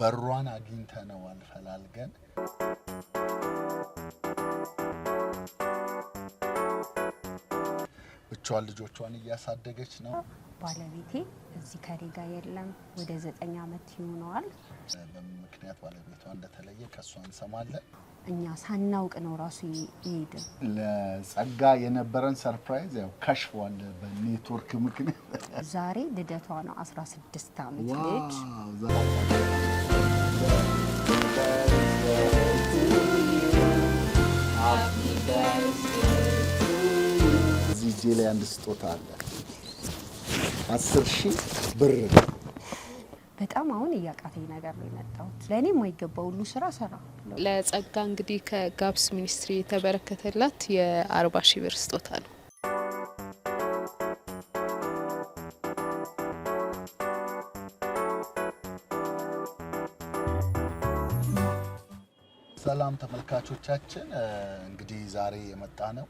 በሯን አግኝተነዋል ፈላልገን ብቻዋን ልጆቿን እያሳደገች ነው። ባለቤቴ እዚህ ከኔ ጋር የለም። ወደ ዘጠኝ ዓመት ይሆነዋል። በምን ምክንያት ባለቤቷ እንደተለየ ከእሷ እንሰማለን። እኛ ሳናውቅ ነው ራሱ ይሄድ። ለጸጋ የነበረን ሰርፕራይዝ ያው ከሽፏል በኔትወርክ ምክንያት። ዛሬ ልደቷ ነው 16 ዓመት ልጅ እዚህ ላይ አንድ ስጦታ አለ። አስር ሺህ ብር በጣም አሁን እያቃተኝ ነገር ነው የመጣሁት። ለእኔ የማይገባ ሁሉ ስራ ሰራ። ለጸጋ እንግዲህ ከጋብስ ሚኒስትሪ የተበረከተላት የአርባ ሺህ ብር ስጦታ ነው። ተመልካቾቻችን እንግዲህ ዛሬ የመጣ ነው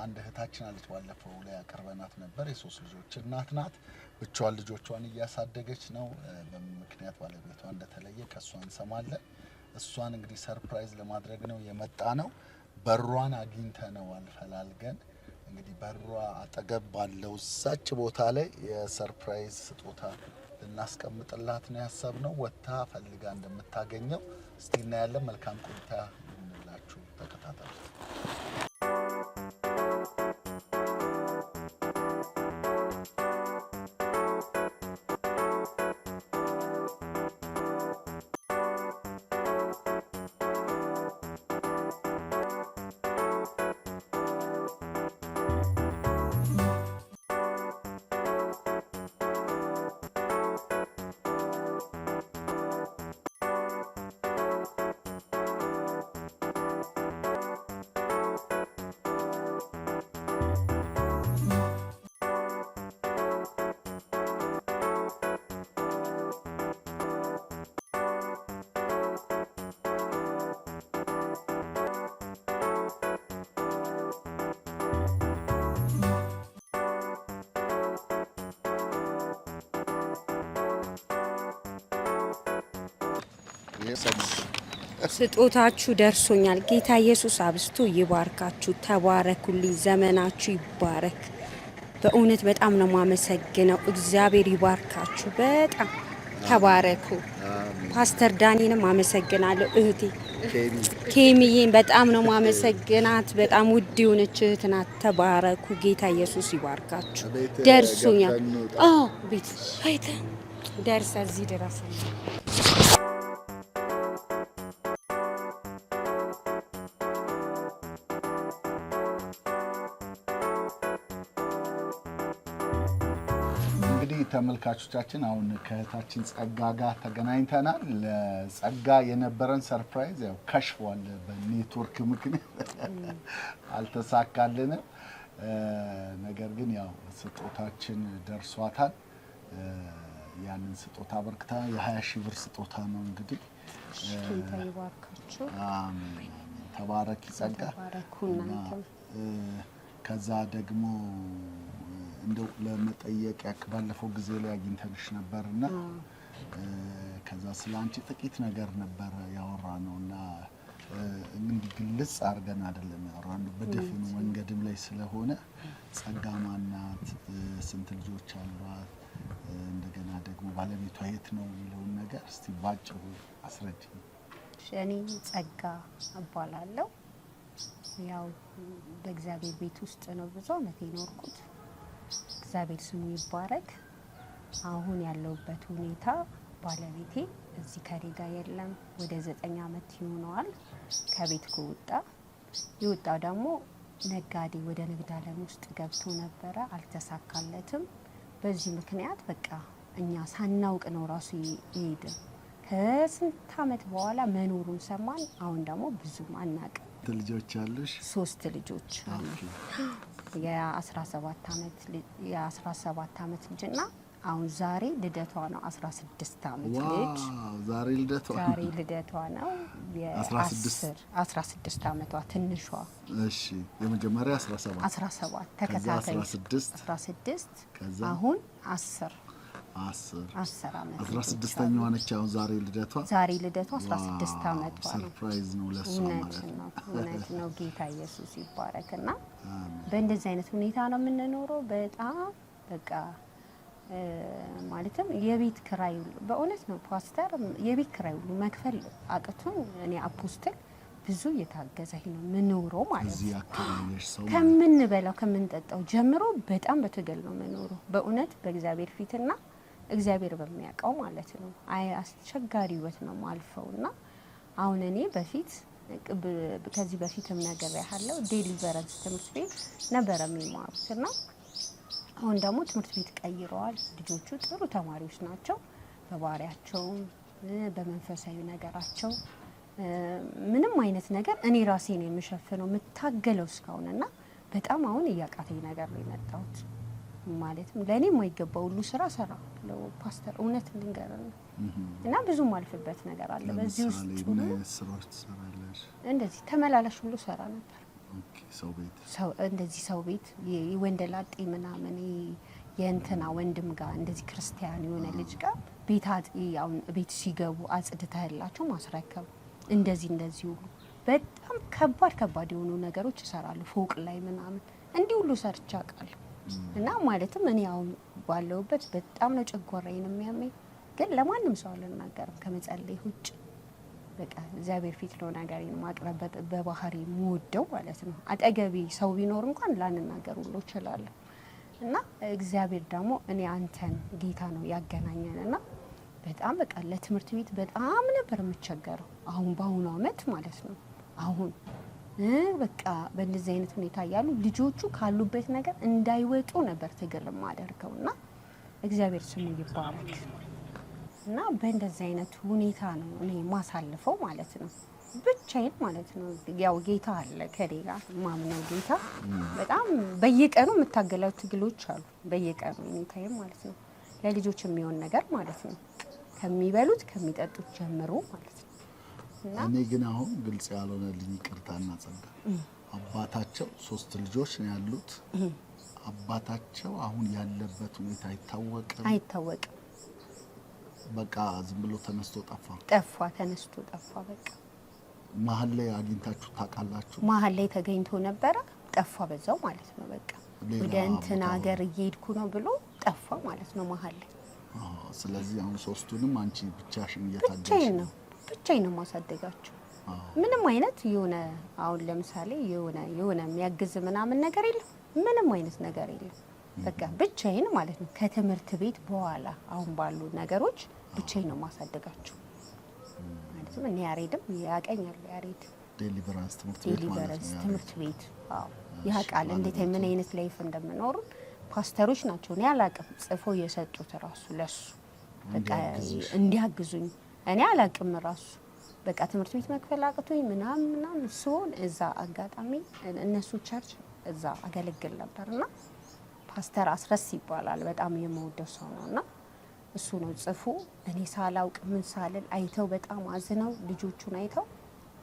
አንድ እህታችን አለች። ባለፈው ላይ አቅርበናት ነበር። የሶስት ልጆች እናት ናት። ብቻዋን ልጆቿን እያሳደገች ነው። ምክንያት ባለቤቷ እንደተለየ ከእሷ እንሰማለን። እሷን እንግዲህ ሰርፕራይዝ ለማድረግ ነው የመጣ ነው። በሯን አግኝተ ነው ፈላልገን። እንግዲህ በሯ አጠገብ ባለው እዛች ቦታ ላይ የሰርፕራይዝ ስጦታ ልናስቀምጥላት ነው ያሰብ ነው። ወጥታ ፈልጋ እንደምታገኘው እስቲ እናያለን። መልካም ቆይታ ta, ta, ta, ስጦታችሁ ደርሶኛል። ጌታ ኢየሱስ አብስቶ ይባርካችሁ። ተባረኩልኝ። ዘመናችሁ ይባረክ። በእውነት በጣም ነው ማመሰግነው። እግዚአብሔር ይባርካችሁ። በጣም ተባረኩ። ፓስተር ዳኒንም አመሰግናለሁ። እህቴ ኬሚዬን በጣም ነው ማመሰግናት። በጣም ውድ የሆነች እህት ናት። ተባረኩ። ጌታ ኢየሱስ ይባርካችሁ። ደርሶኛል። ቤት ደርሰ እዚህ ድረስ ተመልካቾቻችን አሁን ከእህታችን ጸጋ ጋር ተገናኝተናል። ለጸጋ የነበረን ሰርፕራይዝ ያው ከሽፏል፣ በኔትወርክ ምክንያት አልተሳካልንም። ነገር ግን ያው ስጦታችን ደርሷታል። ያንን ስጦታ አበርክታ የሀያ ሺህ ብር ስጦታ ነው እንግዲህ ተባረክ ጸጋ። ከዛ ደግሞ እንደው ለመጠየቅ ያክ ባለፈው ጊዜ ላይ አግኝተንሽ እና ከዛ ስለ አንቺ ጥቂት ነገር ነበረ ያወራ ነው እና እንግዲህ ግልጽ አድርገን አይደለም ያወራ ነው በደፊኑ መንገድም ላይ ስለሆነ ጸጋ ማናት፣ ስንት ልጆች አሏት፣ እንደገና ደግሞ ባለቤቷ የት ነው የሚለውን ነገር እስቲ ባጭሩ አስረጅ። እኔ ጸጋ እባላለሁ። ያው በእግዚአብሔር ቤት ውስጥ ነው ብዙ አመት የኖርኩት። እግዚአብሔር ስሙ ይባረክ። አሁን ያለውበት ሁኔታ ባለቤቴ እዚህ ከኔ ጋር የለም። ወደ ዘጠኝ አመት ይሆነዋል ከቤት ከወጣ የወጣ ደግሞ ነጋዴ ወደ ንግድ አለም ውስጥ ገብቶ ነበረ፣ አልተሳካለትም። በዚህ ምክንያት በቃ እኛ ሳናውቅ ነው ራሱ ይሄድም። ከስንት አመት በኋላ መኖሩን ሰማን። አሁን ደግሞ ብዙም አናውቅም። ልጆች አሉሽ? ሶስት ልጆች የአስራሰባት አመት የ17 ዓመት ልጅና አሁን ዛሬ ልደቷ ነው 16 አመት ልጅ። ዛሬ ልደቷ ዛሬ ልደቷ ነው። አመቷ ዓመቷ ትንሿ። እሺ የመጀመሪያ 17 17 ተከታታይ 16 አሁን አስር አስራ ስድስተኛዋ ነች። አሁን ዛሬ ልደቷ ዛሬ ልደቷ አስራ ስድስት ዓመቷ ሰርፕራይዝ ነው ማለት ነው። እውነት ነው። ጌታ ኢየሱስ ይባረክ እና በእንደዚህ አይነት ሁኔታ ነው የምንኖረው። በጣም በቃ ማለትም የቤት ክራይ በእውነት ነው ፓስተር፣ የቤት ክራይ ሁሉ መክፈል አቅቱን እኔ አፖስትል ብዙ እየታገዘኝ ነው ማለት ነው። ከምንበላው ከምንጠጣው ጀምሮ በጣም በትግል ነው በእውነት በእግዚአብሔር ፊትና እግዚአብሔር በሚያውቀው ማለት ነው። አይ አስቸጋሪ ህይወት ነው ማልፈው እና አሁን እኔ በፊት ከዚህ በፊትም ነገር ያለው ዴሊቨረንስ ትምህርት ቤት ነበረ የሚማሩት እና አሁን ደግሞ ትምህርት ቤት ቀይረዋል። ልጆቹ ጥሩ ተማሪዎች ናቸው። በባህሪያቸው በመንፈሳዊ ነገራቸው ምንም አይነት ነገር እኔ ራሴን ነው የምሸፍነው የምታገለው እስካሁን እና በጣም አሁን እያቃተኝ ነገር ነው የመጣሁት። ማለትም ለእኔ የማይገባ ሁሉ ስራ ሰራ ፓስተር እውነት ልንገር ነው እና ብዙ ማልፍበት ነገር አለ። በዚህ ውስጥ እንደዚህ ተመላላሽ ሁሉ ሰራ ነበር። እንደዚህ ሰው ቤት ወንደላጤ ምናምን የእንትና ወንድም ጋር እንደዚህ ክርስቲያን የሆነ ልጅ ጋር ቤት ቤት ሲገቡ አጽድተህላቸው ማስረከብ እንደዚህ እንደዚህ ሁሉ በጣም ከባድ ከባድ የሆኑ ነገሮች ይሰራሉ። ፎቅ ላይ ምናምን እንዲህ ሁሉ ሰርቻ አውቃለሁ። እና ማለትም እኔ አሁን ባለሁበት በጣም ነው ጨጓራዬን የሚያመኝ፣ ግን ለማንም ሰው አልናገርም ከመጸለይ ውጭ በቃ እግዚአብሔር ፊት ነው ነገሬን ማቅረብ በባህሪ የምወደው ማለት ነው። አጠገቤ ሰው ቢኖር እንኳን ላንናገር ሁሉ እችላለሁ። እና እግዚአብሔር ደግሞ እኔ አንተን ጌታ ነው ያገናኘን እና በጣም በቃ ለትምህርት ቤት በጣም ነበር የምቸገረው። አሁን በአሁኑ አመት ማለት ነው አሁን በቃ በእንደዚህ አይነት ሁኔታ እያሉ ልጆቹ ካሉበት ነገር እንዳይወጡ ነበር ትግል ማደርገው እና እግዚአብሔር ስሙ ይባረክ እና በእንደዚህ አይነት ሁኔታ ነው እኔ ማሳልፈው ማለት ነው። ብቻዬን ማለት ነው። ያው ጌታ አለ ከኔ ጋር ማምነው ጌታ በጣም በየቀኑ የምታገለው ትግሎች አሉ። በየቀኑ ሁኔታዬም ማለት ነው ለልጆች የሚሆን ነገር ማለት ነው ከሚበሉት ከሚጠጡት ጀምሮ ማለት ነው እኔ ግን አሁን ግልጽ ያልሆነልኝ ይቅርታና ጸጋ አባታቸው ሶስት ልጆች ነው ያሉት። አባታቸው አሁን ያለበት ሁኔታ አይታወቅም አይታወቅም። በቃ ዝም ብሎ ተነስቶ ጠፋ ጠፋ ተነስቶ ጠፋ። በቃ መሀል ላይ አግኝታችሁ ታውቃላችሁ? መሀል ላይ ተገኝቶ ነበረ ጠፋ በዛው ማለት ነው። በቃ ወደ እንትን ሀገር እየሄድኩ ነው ብሎ ጠፋ ማለት ነው መሀል ላይ። ስለዚህ አሁን ሶስቱንም አንቺ ብቻሽን እየታገሽ ነው ብቻዬን ነው ማሳደጋቸው። ምንም አይነት የሆነ አሁን ለምሳሌ የሆነ የሆነ የሚያግዝ ምናምን ነገር የለም። ምንም አይነት ነገር የለም። በቃ ብቻዬን ማለት ነው። ከትምህርት ቤት በኋላ አሁን ባሉ ነገሮች ብቻዬን ነው ማሳደጋቸው ማለትም እኔ ያሬድም ያቀኛል። ያሬድ ዴሊቨራንስ ትምህርት ቤት ያቃል። እንዴት ምን አይነት ላይፍ እንደምኖሩ ፓስተሮች ናቸው። እኔ አላቅም ጽፎ የሰጡት ራሱ ለሱ በቃ እንዲያግዙኝ እኔ አላቅም ራሱ በቃ ትምህርት ቤት መክፈል አቅቶኝ ምናምን ምናምን ሲሆን እዛ አጋጣሚ እነሱ ቸርች እዛ አገለግል ነበር እና ፓስተር አስረስ ይባላል በጣም የመወደው ሰው ነው እና እሱ ነው ጽፎ እኔ ሳላውቅ ምን ሳልል አይተው በጣም አዝነው ልጆቹን አይተው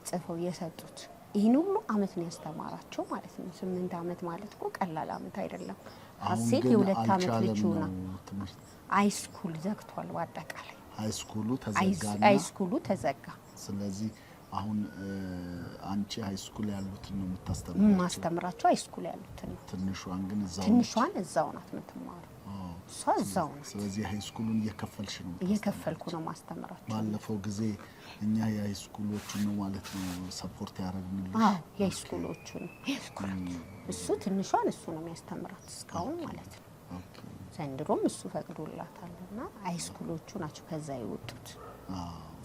ጽፈው የሰጡት ይህን ሁሉ አመት ነው ያስተማራቸው ማለት ነው። ስምንት አመት ማለት እኮ ቀላል አመት አይደለም። አሴት የሁለት አመት ልጅ ሆና ሃይስኩል ዘግቷል በአጠቃላይ ሃይስኩሉ ተዘጋ። ስለዚህ አሁን አንቺ ሃይስኩል ያሉትን ነው የምታስተምራቸው? ማስተምራቸው ሃይስኩል ያሉትን ነው። ትንሿን ግን ትንሿን እዛው ናት የምትማረው እሷ እዛው ናት። ስለዚህ ሃይስኩሉን እየከፈልሽ ነው? እየከፈልኩ ነው ማስተምራቸው። ባለፈው ጊዜ እኛ የሃይስኩሎቹን ነው ማለት ነው ሰፖርት ያደረግንልሽ? አዎ የሃይስኩሎቹን ነው። እሱ ትንሿን እሱ ነው የሚያስተምራት እስካሁን ማለት ነው። ዘንድሮም እሱ ፈቅዶላታል እና አይስኩሎቹ ናቸው ከዛ የወጡት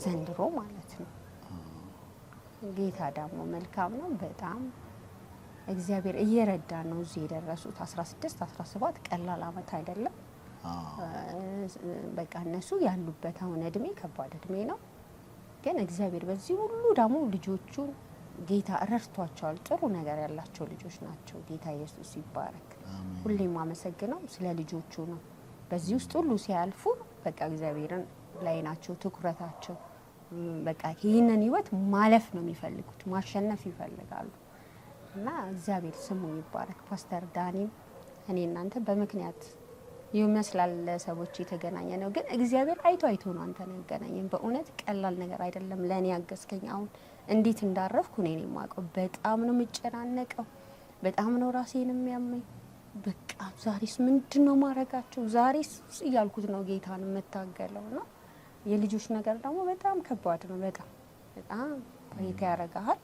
ዘንድሮ ማለት ነው። ጌታ ደግሞ መልካም ነው። በጣም እግዚአብሔር እየረዳ ነው እዚህ የደረሱት። 16 17 ቀላል አመት አይደለም። በቃ እነሱ ያሉበት አሁን እድሜ ከባድ እድሜ ነው፣ ግን እግዚአብሔር በዚህ ሁሉ ደግሞ ልጆቹን ጌታ ረድቷቸዋል። ጥሩ ነገር ያላቸው ልጆች ናቸው። ጌታ ኢየሱስ ይባረክ። ሁሌም አመሰግነው ስለ ልጆቹ ነው። በዚህ ውስጥ ሁሉ ሲያልፉ በቃ እግዚአብሔርን ላይ ናቸው ትኩረታቸው። በቃ ይህንን ህይወት ማለፍ ነው የሚፈልጉት፣ ማሸነፍ ይፈልጋሉ እና እግዚአብሔር ስሙ ይባረክ። ፓስተር ዳኒም እኔ እናንተ በምክንያት ይመስላል ለሰዎች የተገናኘ ነው፣ ግን እግዚአብሔር አይቶ አይቶ ነው አንተ ነው ያገናኘን። በእውነት ቀላል ነገር አይደለም። ለእኔ ያገዝከኝ አሁን እንዴት እንዳረፍኩ እኔ የማውቀው። በጣም ነው የምጨናነቀው፣ በጣም ነው ራሴን የሚያመኝ በቃ ዛሬስ ምንድን ነው ማድረጋቸው? ዛሬስ እያልኩት ነው ጌታን የምታገለው ነው። የልጆች ነገር ደግሞ በጣም ከባድ ነው። በጣም በጣም ቆይታ ያረጋሃል።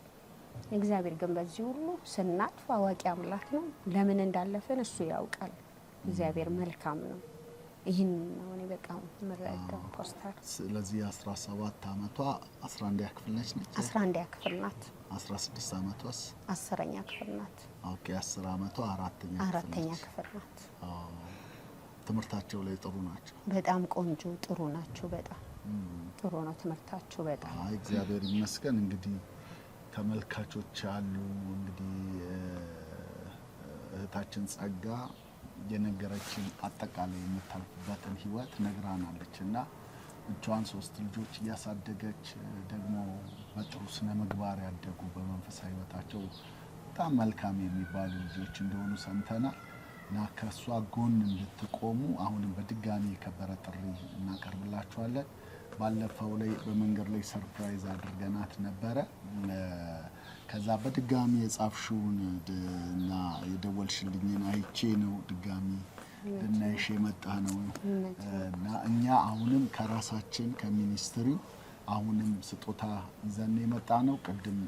እግዚአብሔር ግን በዚህ ሁሉ ስናጥፍ አዋቂ አምላክ ነው። ለምን እንዳለፍን እሱ ያውቃል። እግዚአብሔር መልካም ነው። ይህን ነው እኔ በጣም የምረዳው ፖስተር። ስለዚህ አስራ ሰባት አመቷ አስራ አንደኛ ክፍል ነች ነች አስራ አንደኛ ክፍል ናት። አስራ ስድስት አመቷስ አስረኛ ክፍል ናት። ኦኬ አስር አመቷ አራተኛ አራተኛ ክፍል ናት። ትምህርታቸው ላይ ጥሩ ናቸው። በጣም ቆንጆ ጥሩ ናቸው። በጣም ጥሩ ነው ትምህርታቸው። በጣም እግዚአብሔር ይመስገን። እንግዲህ ተመልካቾች አሉ እንግዲህ እህታችን ጸጋ የነገረችን አጠቃላይ የምታልፍበትን ህይወት ነግራናለች እና ብቻዋን ሶስት ልጆች እያሳደገች ደግሞ በጥሩ ስነ ምግባር ያደጉ በመንፈሳዊ ህይወታቸው በጣም መልካም የሚባሉ ልጆች እንደሆኑ ሰምተናል እና ከእሷ ጎን እንድትቆሙ አሁንም በድጋሚ የከበረ ጥሪ እናቀርብላችኋለን። ባለፈው ላይ በመንገድ ላይ ሰርፕራይዝ አድርገናት ነበረ። ከዛ በድጋሚ የጻፍሽውን እና የደወልሽልኝን አይቼ ነው ድጋሚ ልናይሽ የመጣ ነው እና እኛ አሁንም ከራሳችን ከሚኒስትሪ አሁንም ስጦታ ይዘን የመጣ ነው። ቅድም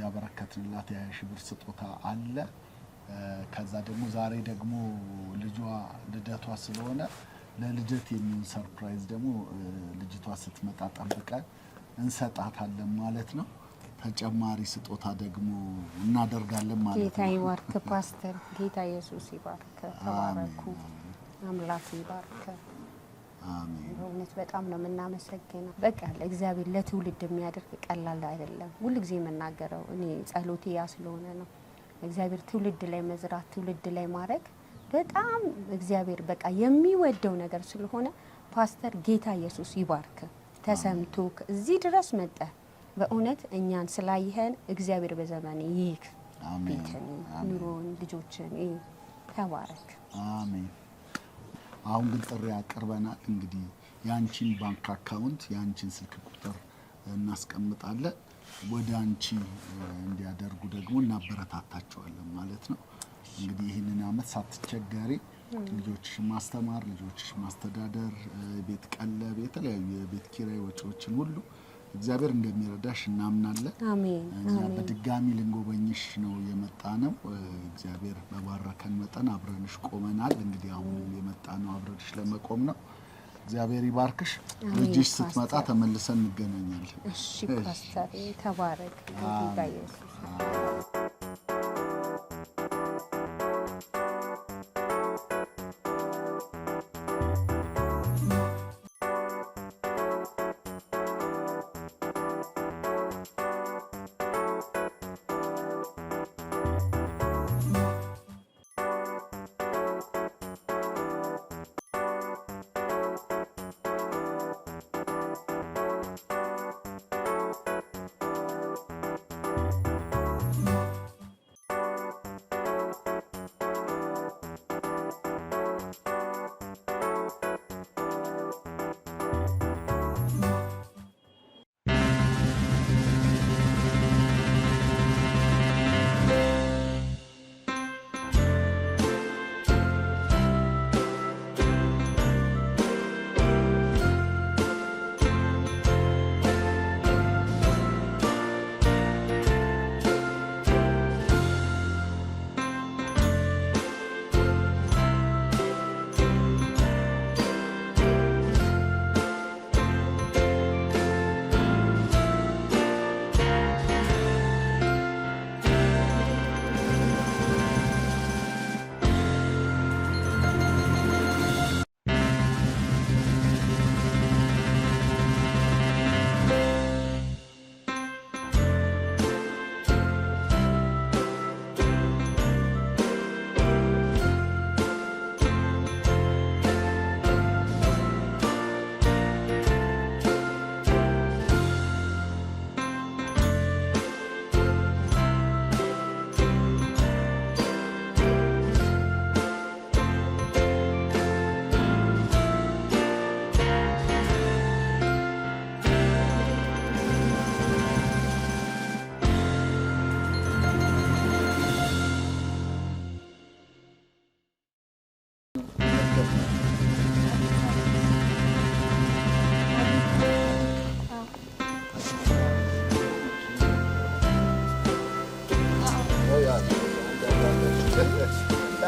ያበረከትንላት የሀያ ሺህ ብር ስጦታ አለ። ከዛ ደግሞ ዛሬ ደግሞ ልጇ ልደቷ ስለሆነ ለልደት የሚሆን ሰርፕራይዝ ደግሞ ልጅቷ ስትመጣ ጠብቀን እንሰጣታለን ማለት ነው። ተጨማሪ ስጦታ ደግሞ እናደርጋለን ማለት ነው። ጌታ ይባርክ ፓስተር፣ ጌታ ኢየሱስ ይባርክ። ተባረኩ፣ አምላክ ይባርክ። በእውነት በጣም ነው የምናመሰግነው። በቃ ለእግዚአብሔር ለትውልድ የሚያደርግ ቀላል አይደለም። ሁልጊዜ የምናገረው እኔ ጸሎቴ ያ ስለሆነ ነው። እግዚአብሔር ትውልድ ላይ መዝራት፣ ትውልድ ላይ ማድረግ በጣም እግዚአብሔር በቃ የሚወደው ነገር ስለሆነ ፓስተር ጌታ ኢየሱስ ይባርክ። ተሰምቶ እዚህ ድረስ መጠ በእውነት እኛን ስላይህን እግዚአብሔር በዘመን ይይክ ቤትን፣ ኑሮን፣ ልጆችን ተባረክ። አሜን። አሁን ግን ጥሪ ያቀርበናል። እንግዲህ የአንቺን ባንክ አካውንት የአንቺን ስልክ ቁጥር እናስቀምጣለን። ወደ አንቺ እንዲያደርጉ ደግሞ እናበረታታቸዋለን ማለት ነው። እንግዲህ ይህንን አመት ሳትቸገሪ ልጆችሽ ማስተማር፣ ልጆችሽ ማስተዳደር፣ ቤት ቀለብ፣ የተለያዩ የቤት ኪራይ ወጪዎችን ሁሉ እግዚአብሔር እንደሚረዳሽ እናምናለን። እኛ በድጋሚ ልንጎበኝሽ ነው የመጣ ነው። እግዚአብሔር በባረከን መጠን አብረንሽ ቆመናል። እንግዲህ አሁን የመጣ ነው አብረንሽ ለመቆም ነው። እግዚአብሔር ይባርክሽ። ልጅሽ ስትመጣ ተመልሰን እንገናኛለን። እሺ ፓስተር፣ ተባረክ።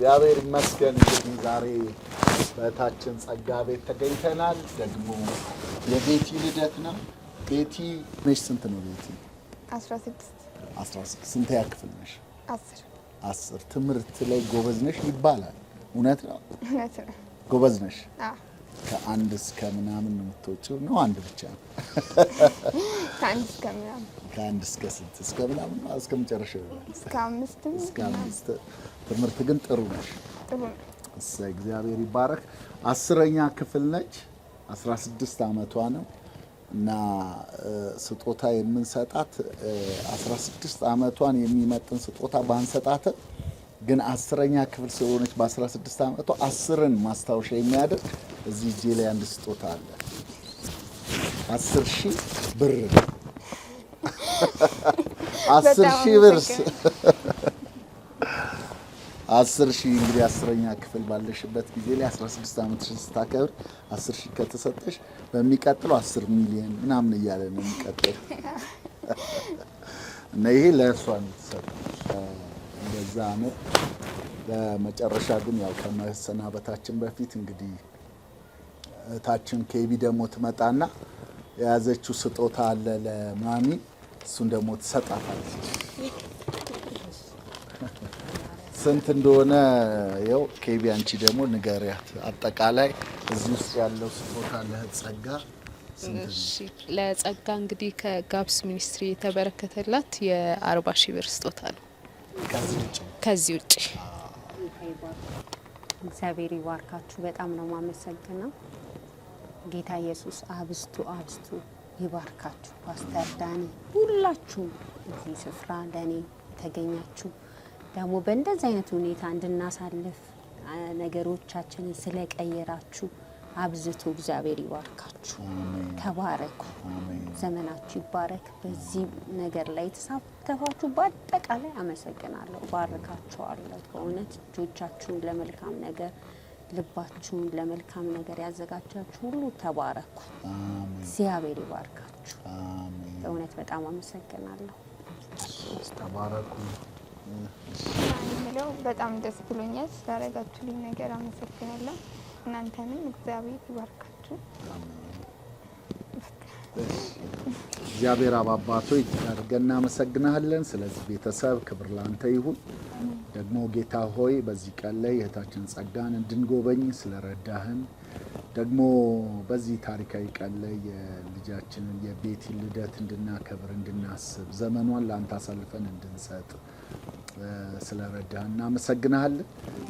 እግዚአብሔር ይመስገን። እንግዲህ ዛሬ በእህታችን ጸጋ ቤት ተገኝተናል። ደግሞ የቤቲ ልደት ነው። ቤቲ ነሽ? ስንት ነው ቤቲ? አስራ ስድስት ስንት ያክፍል ነሽ? አስር አስር ትምህርት ላይ ጎበዝ ነሽ ይባላል። እውነት ነው? እውነት ነው። ጎበዝ ነሽ። ከአንድ እስከ ምናምን ነው የምትወጪው? ነው አንድ ብቻ ነው? ከአንድ እስከ ምናምን ከአንድ እስከ ስንት እስከ ምናምን እስከ መጨረሻ አምስት እስከ አምስት ትምህርት ግን ጥሩ ነሽ። እግዚአብሔር ይባረክ። አስረኛ ክፍል ነች። 16 ዓመቷ ነው እና ስጦታ የምንሰጣት 16 ዓመቷን የሚመጥን ስጦታ ባንሰጣትም ግን አስረኛ ክፍል ስለሆነች በ16 ዓመቷ አስርን ማስታወሻ የሚያደርግ እዚህ እጄ ላይ አንድ ስጦታ አለ። አስር ሺህ ብር ነው። አስር ሺህ ብር አስር ሺህ እንግዲህ አስረኛ ክፍል ባለሽበት ጊዜ ላይ 16 ዓመትሽን ስታከብር አስር ሺህ ከተሰጠሽ በሚቀጥለው አስር ሚሊዮን ምናምን እያለ ነው የሚቀጥል እና ይሄ ለእርሷ ነው እንደዛ ነው። በመጨረሻ ግን ያው ከመሰናበታችን በፊት እንግዲህ እህታችን ኬቢ ደግሞ ትመጣና የያዘችው ስጦታ አለ ለማሚ፣ እሱን ደግሞ ትሰጣታለች። ስንት እንደሆነ ው ኬቢ አንቺ ደግሞ ንገሪያት። አጠቃላይ እዚህ ውስጥ ያለው ስጦታ ለጸጋ ለጸጋ እንግዲህ ከጋብስ ሚኒስትሪ የተበረከተላት የአርባ ሺህ ብር ስጦታ ነው። ከዚህ ውጭ እግዚአብሔር ይባርካችሁ። በጣም ነው ማመሰግነው። ጌታ ኢየሱስ አብስቱ አብስቱ ይባርካችሁ። ፓስተር ዳኒ፣ ሁላችሁ እዚህ ስፍራ ለእኔ የተገኛችሁ ደግሞ በእንደዚህ አይነት ሁኔታ እንድናሳልፍ ነገሮቻችንን ስለቀየራችሁ አብዝቶ እግዚአብሔር ይባርካችሁ። ተባረኩ፣ ዘመናችሁ ይባረክ። በዚህ ነገር ላይ የተሳተፋችሁ በአጠቃላይ አመሰግናለሁ፣ ባርካችኋለሁ። በእውነት እጆቻችሁን ለመልካም ነገር ልባችሁን ለመልካም ነገር ያዘጋጃችሁ ሁሉ ተባረኩ፣ እግዚአብሔር ይባርካችሁ። በእውነት በጣም አመሰግናለሁ። ተባረኩ። ምለው በጣም ደስ ብሎኛል። ስላረጋችሁልኝ ነገር አመሰግናለሁ። እናንተንም እግዚአብሔር ይባርካችሁ። እግዚአብሔር አባባቶ ያድርገን። እናመሰግናለን። ስለዚህ ቤተሰብ ክብር ላንተ ይሁን። ደግሞ ጌታ ሆይ በዚህ ቀን ላይ እህታችን ጸጋን እንድንጎበኝ ስለረዳህን ደግሞ በዚህ ታሪካዊ ቀን ላይ የልጃችንን የቤቲ ልደት እንድናከብር እንድናስብ ዘመኗን ለአንተ አሳልፈን እንድንሰጥ ስለረዳ እናመሰግናሃለን።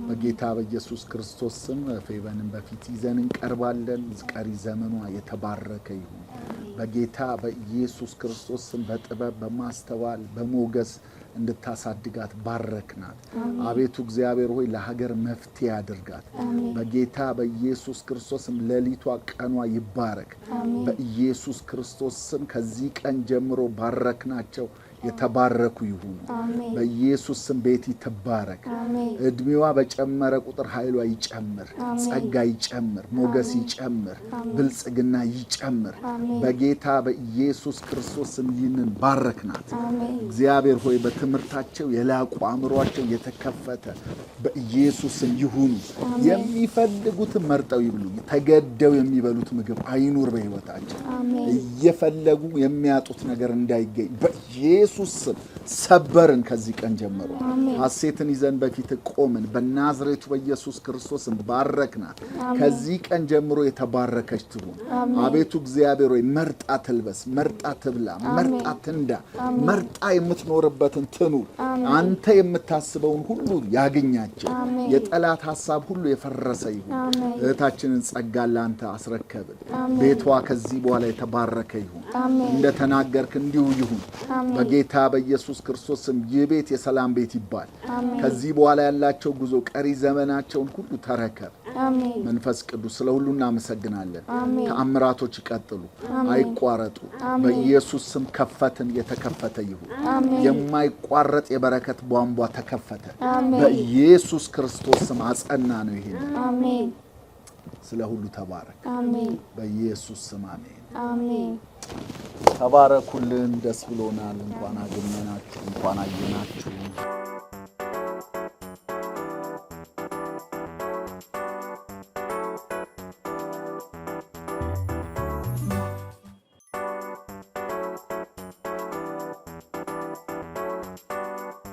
በጌታ በኢየሱስ ክርስቶስ ስም ፌቨንን በፊት ይዘን እንቀርባለን። ቀሪ ዘመኗ የተባረከ ይሁን። በጌታ በኢየሱስ ክርስቶስ ስም በጥበብ በማስተዋል በሞገስ እንድታሳድጋት ባረክናት። አቤቱ እግዚአብሔር ሆይ ለሀገር መፍትሄ አድርጋት። በጌታ በኢየሱስ ክርስቶስ ስም ሌሊቷ ቀኗ ይባረክ። በኢየሱስ ክርስቶስ ስም ከዚህ ቀን ጀምሮ ባረክናቸው። የተባረኩ ይሁኑ። በኢየሱስ ስም ቤት ይትባረክ። እድሜዋ በጨመረ ቁጥር ኃይሏ ይጨምር፣ ጸጋ ይጨምር፣ ሞገስ ይጨምር፣ ብልጽግና ይጨምር። በጌታ በኢየሱስ ክርስቶስ ስም ይህንን ባረክ ናት። እግዚአብሔር ሆይ በትምህርታቸው የላቁ አእምሯቸው የተከፈተ በኢየሱስ ስም ይሁኑ። የሚፈልጉትን መርጠው ይብሉ። ተገደው የሚበሉት ምግብ አይኑር በሕይወታቸው። እየፈለጉ የሚያጡት ነገር እንዳይገኝ በኢየሱስ ስም ሰበርን። ከዚህ ቀን ጀምሮ ሐሴትን ይዘን በፊት ቆምን። በናዝሬቱ በኢየሱስ ክርስቶስን ባረክናት። ከዚህ ቀን ጀምሮ የተባረከች ትሁን። አቤቱ እግዚአብሔር ሆይ መርጣ ትልበስ፣ መርጣ ትብላ፣ መርጣ ትንዳ፣ መርጣ የምትኖርበትን ትኑር። አንተ የምታስበውን ሁሉ ያግኛቸው። የጠላት ሐሳብ ሁሉ የፈረሰ ይሁን። እህታችንን ጸጋ ለአንተ አስረከብን። ቤቷ ከዚህ በኋላ የተባረከ ይሁን። እንደተናገርክ እንዲሁ ይሁን። በጌታ በኢየሱስ ክርስቶስ ስም ይህ ቤት የሰላም ቤት ይባል። ከዚህ በኋላ ያላቸው ጉዞ ቀሪ ዘመናቸውን ሁሉ ተረከብ። መንፈስ ቅዱስ ስለ ሁሉ እናመሰግናለን። ተአምራቶች ይቀጥሉ፣ አይቋረጡ። በኢየሱስ ስም ከፈትን፣ የተከፈተ ይሁን። የማይቋረጥ የበረከት ቧንቧ ተከፈተ። በኢየሱስ ክርስቶስ ስም አጸና ነው። ይሄ ስለ ሁሉ ተባረክ። በኢየሱስ ስም አሜን። አሜን። ተባረኩልን። ደስ ብሎናል። እንኳን አገኘናችሁ፣ እንኳን አየናችሁ።